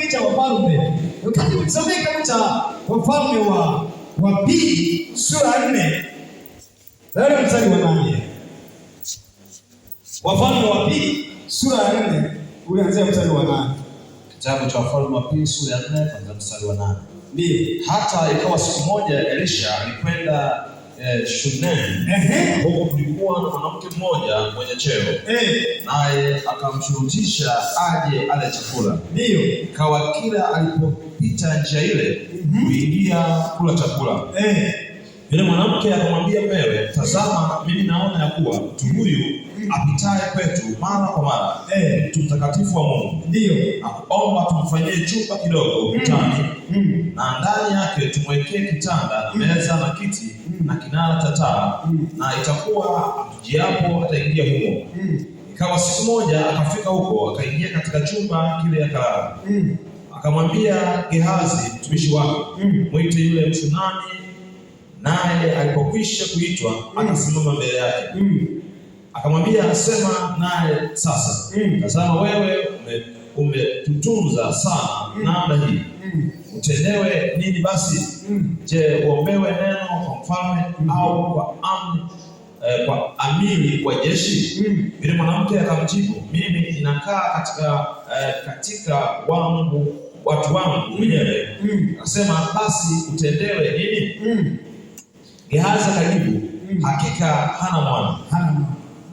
kitabu cha Wafalme, wakati ukisoma kitabu cha Wafalme wa wa pili sura ya nne leo mstari wa nane Wafalme wa pili sura ya nne ulianzia mstari wa nane Kitabu cha Wafalme wa pili sura ya nne kuanzia mstari wa nane Ndiyo. Hata ikawa siku moja Elisha alikwenda eh, shuleni eh, huko kulikuwa na mwanamke mmoja mwenye cheo eh, naye akamshurutisha aje ale chakula. Ndio ikawa kila alipopita njia ile kuingia mhm. mm -hmm. kula chakula eh, yule mwanamke akamwambia, wewe tazama, mimi naona ya kuwa mtu huyu apitaye kwetu mara kwa mara mtu ee mtakatifu wa Mungu, ndio akuomba tumfanyie chumba kidogo ukutani, mm. mm. na ndani yake tumwekee kitanda, mm. meza na kiti mm. na kinara cha taa, na itakuwa atujiapo ataingia humo. Ikawa siku moja akafika huko, akaingia katika chumba kile akalala. mm. Akamwambia Gehazi mtumishi wake, mm. mwite yule Mshunami. Naye alipokwisha kuitwa, mm. akasimama mbele yake. mm akamwambia anasema naye sasa, mm. tazama wewe umetutunza sana mm. namna hii, mm. utendewe nini basi? Je, uombewe neno kwa mfalme au kwa amri eh, kwa amiri wa jeshi? Yule mwanamke akamjibu, mimi inakaa katika eh, katika wangu watu wangu mwenyewe. Akasema, basi utendewe nini? Gehazi akajibu, hakika hana mwana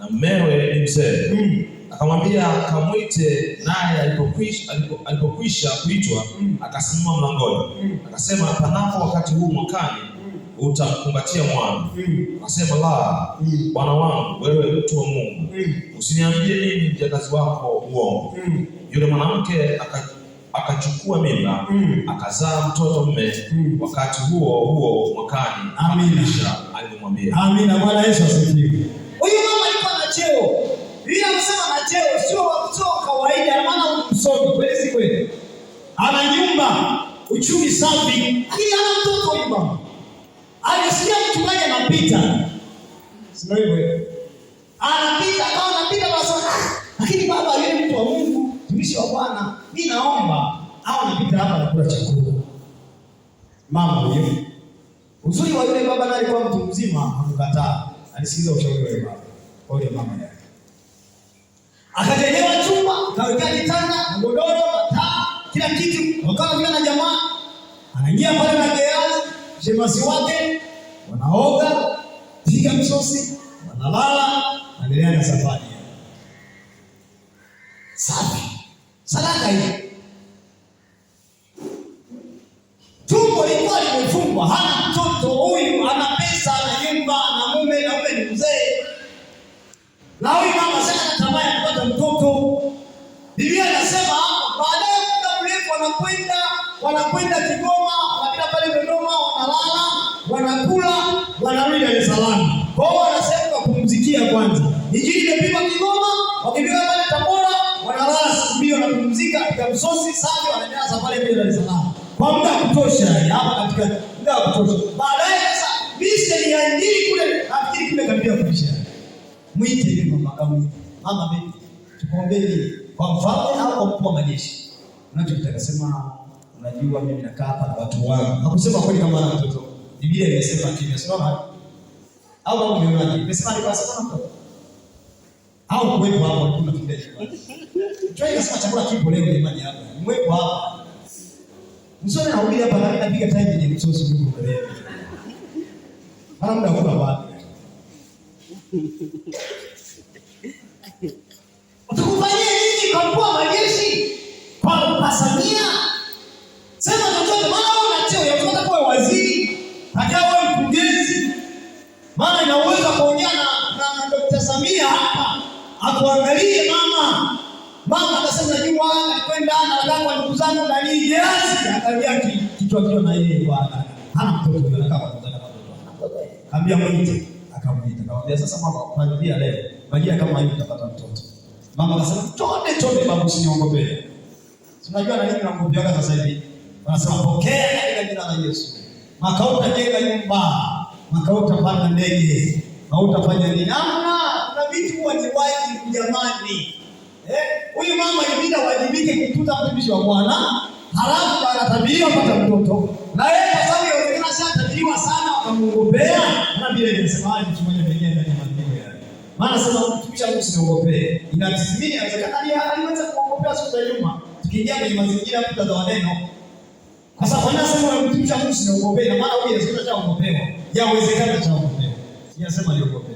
na mmewe ni mzee mm. Akamwambia kamwite, naye alipokwisha kuitwa mm. akasimama mlangoni mm. akasema, panapo wakati huu mwakani mm. utamkumbatia mwana mm. akasema, la mm. bwana mm. wangu, wewe mtu wa Mungu mm. usiniambie mimi mjakazi wako uongo mm. Yule mwanamke akachukua mimba mm. akazaa mtoto mme mm. wakati huo huo mwakani, Amina. Amina. Bwana Yesu asifiwe. msomi kweli, si kweli? Ana nyumba, uchumi safi, lakini ana mtoto nyumba, alisikia mtu mmoja anapita, sio hivyo? Anapita kama anapita basi, ah, lakini baba, yule mtu wa Mungu, mtumishi wa Bwana, mimi naomba au anapita hapa na kula chakula, mama huyo. Uzuri wa yule baba, naye kwa mtu mzima, amekataa, alisikiliza ushauri wa baba, kwa yule mama yake akajenga kawekea kitanda, magodoro, mataa, kila kitu. Wakawa vile na jamaa anaingia pale na geazi, shemasi wake, wanaoga, piga msosi, wanalala, anaendelea na safari. Safi. Sadaka hii. Tumbo lilikuwa limefungwa, hana mtoto huyu ana wanakwenda wanakwenda Kigoma, wanapita pale Dodoma, wanalala, wanakula, wanarudi Dar es Salaam. Kwa hiyo wanasema sehemu ya kwanza. Injili imepigwa Kigoma, wakipika pale Tabora, wanalala siku mbili, wanapumzika katika Msosi, Same, wanaendelea safari ya Dar es Salaam kwa muda wa kutosha, hapa katika muda wa kutosha. Baadaye sasa misheni ya injili kule, nafikiri kule kabila kuisha, mwite mama, kama mama, mimi tukombeni kwa mfalme au kwa mkuu wa majeshi unachokitaka kasema, unajua mimi nakaa hapa na watu wangu. Hakusema kweli kama ana mtoto. Biblia imesema kimya, sio? Au au umeona? Imesema ni kwa sababu mtoto. Au kuwepo hapo kuna fundisho. Try kusema chakula kipo leo ni maji hapa. Mwepo hapa. Msoni anarudi hapa na anapiga time yenye msosi huko mbele. Ana muda kwa wapi? Utakufanyia nini kwa akuangalie mama. Mama akasema najua nilikwenda nataka kwa ndugu zangu na nini yes. akaambia kichwa kio na yeye bwana Hana mtoto yule anakaa kwa mtoto. akaambia mwite. Akamwita. Akamwambia sasa mama kuangalia leo. Magia kama hivi utapata mtoto. Mama akasema chonde chonde babu usiniongope. Tunajua na nini na nakuambiaga sasa hivi? Wanasema pokea katika jina la Yesu. Makao jenga nyumba. Makao panda ndege. Makao utafanya nini? vitu huwa ni wajibu jamani. Eh, huyu eh, mama ibidi wajibike kutunza mtumishi wa Bwana, halafu anatabiriwa kupata mtoto na yeye, kwa sababu sasa shatabiriwa sana, wakamuogopea na vile inasemaje, tumanye mwenyewe ndani ya maneno yake, maana sasa mtumishi wangu usiogopee, inatimia. Inawezekana aliweza kuogopea siku za nyuma, tukiingia kwenye mazingira ya za neno, kwa sababu anasema mtumishi wangu usiogopee, na maana huyu anasema cha kuogopewa, yawezekana cha kuogopewa, yasema aliogopewa